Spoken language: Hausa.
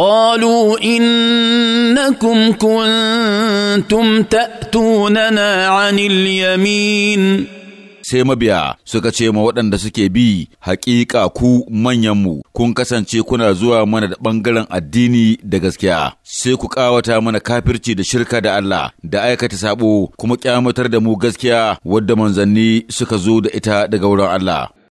قالوا انكم كنتم تاتوننا عن اليمين sai mabiya suka ce ma waɗanda suke bi haƙiƙa ku manyanmu kun kasance kuna zuwa mana da ɓangaren addini da gaskiya sai ku ƙawata mana kafirci da shirka da Allah da aikata sabo kuma ƙyamatar da mu gaskiya wadda manzanni suka zo da ita daga wurin Allah